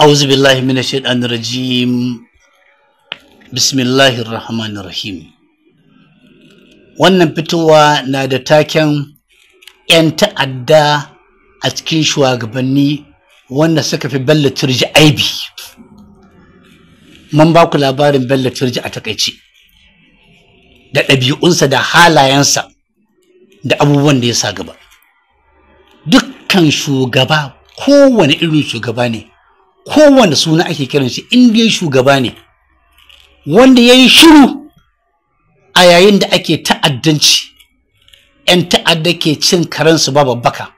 أعوذ بالله من الشيطان الرجيم بسم الله الرحمن الرحيم wannan fitowa na da taken 'yan ta'adda a cikin shugabanni wanda suka fi bella turji aibi man ba ku labarin bella turji a takaice da ɗabi'unsa da halayensa da abubuwan da ya sa gaba dukkan shugaba kowane irin shugaba ne kowane suna ake kiran shi in dai shugaba ne wanda ya yi shiru a yayin da ake ta'addanci 'yan ta'adda ke cin karensu ba babbaka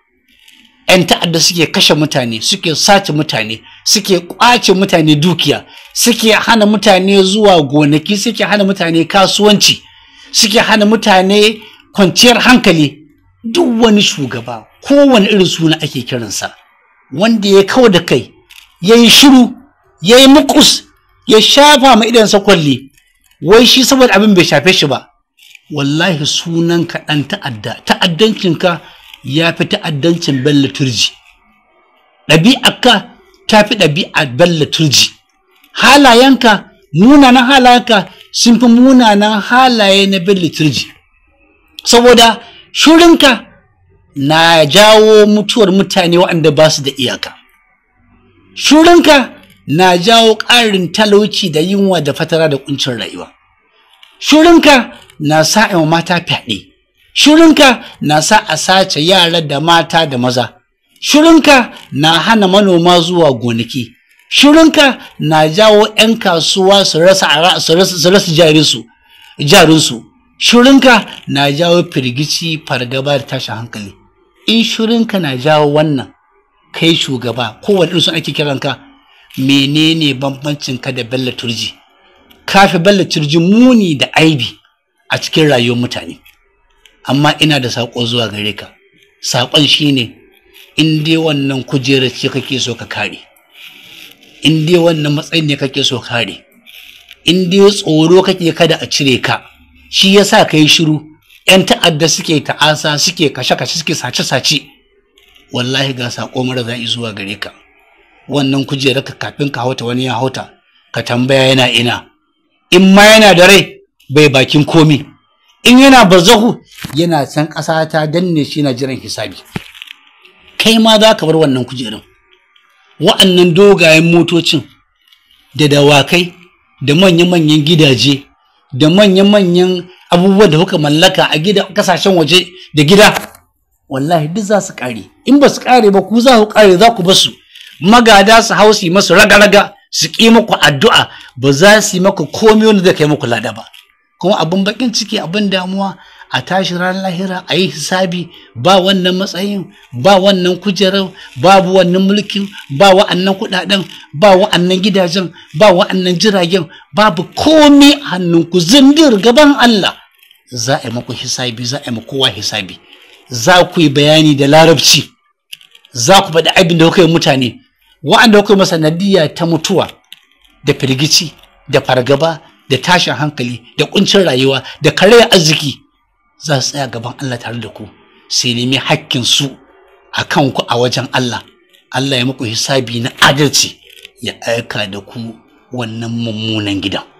'yan ta'adda suke kashe mutane suke sace mutane suke kwace mutane dukiya suke hana mutane zuwa gonaki suke hana mutane kasuwanci suke hana mutane kwanciyar hankali duk wani shugaba kowane irin suna ake kiransa wanda ya kawo da kai ya yi shiru ya yi mukus ya shafa ma idan kwalli wai shi saboda abin bai shafe shi ba wallahi sunanka kaɗan ta'adda ta'addancinka ya fi ta'addancin bella turji ɗabi'arka ta fi ɗabi'ar bella turji halayenka munanan halayenka sun fi munanan halaye na bella turji saboda shirinka na jawo mutuwar mutane waɗanda ba su da iyaka Shirinka na jawo ƙarin talauci da yunwa da fatara da kuncin rayuwa. Shirinka na sa wa mata fyaɗe. Shirinka na sa a sace yara da mata da maza. Shirinka na hana manoma zuwa gonaki. Shirinka na jawo 'yan kasuwa su rasa jarinsu. Shirinka na jawo firgici fargaba da tashin hankali. In shirinka na jawo wannan, kai shugaba kowane irin sun ake ka. menene bambancin ka da bella turji kafi bella turji muni da aibi a cikin rayuwar mutane amma ina da saƙo zuwa gare ka saƙon shine in dai wannan kujerar ce kake so ka kare in dai wannan matsayin ne kake so kare in dai tsoro kake kada a cire ka shi yasa ka shiru 'yan ta'adda suke ta'asa suke kashe-kashe suke sace-sace wallahi ga sako mara zan zuwa gare ka wannan kujerarka kafin ka hauta wani ya hauta ka tambaya yana ina in ma yana da rai bai bakin komi in yana bazahu yana san ƙasa ta danne shi na jiran hisabi kai ma za ka bar wannan kujerun wa'annan dogayen motocin da dawakai da manya-manyan gidaje da manya-manyan abubuwan da kuka mallaka a gida kasashen waje da gida wallahi duk za su kare, in ba su kare ba ku za ku kare za ku ba su magada su hau masu raga-raga su ƙi muku addu'a ba za su yi muku komai wanda zai kai muku lada ba kuma abin bakin ciki abin damuwa a tashi ran lahira a yi hisabi ba wannan matsayin ba wannan kujerar babu wannan mulkin ba wa'annan kudaden ba wa'annan gidajen ba wa'annan jiragen babu komai hannunku zindir gaban Allah za a yi muku hisabi za a yi muku kowa hisabi za ku yi bayani da larabci za ku faɗi abin da kuka yi mutane wa'anda kuka yi masa nadiya ta mutuwa da firgici da fargaba da tashin hankali da kuncin rayuwa da karayar arziki za su tsaya gaban Allah tare da ku sai nemi hakkin su a kan ku a wajen Allah Allah ya muku hisabi na adalci ya aika da ku wannan mummunan gidan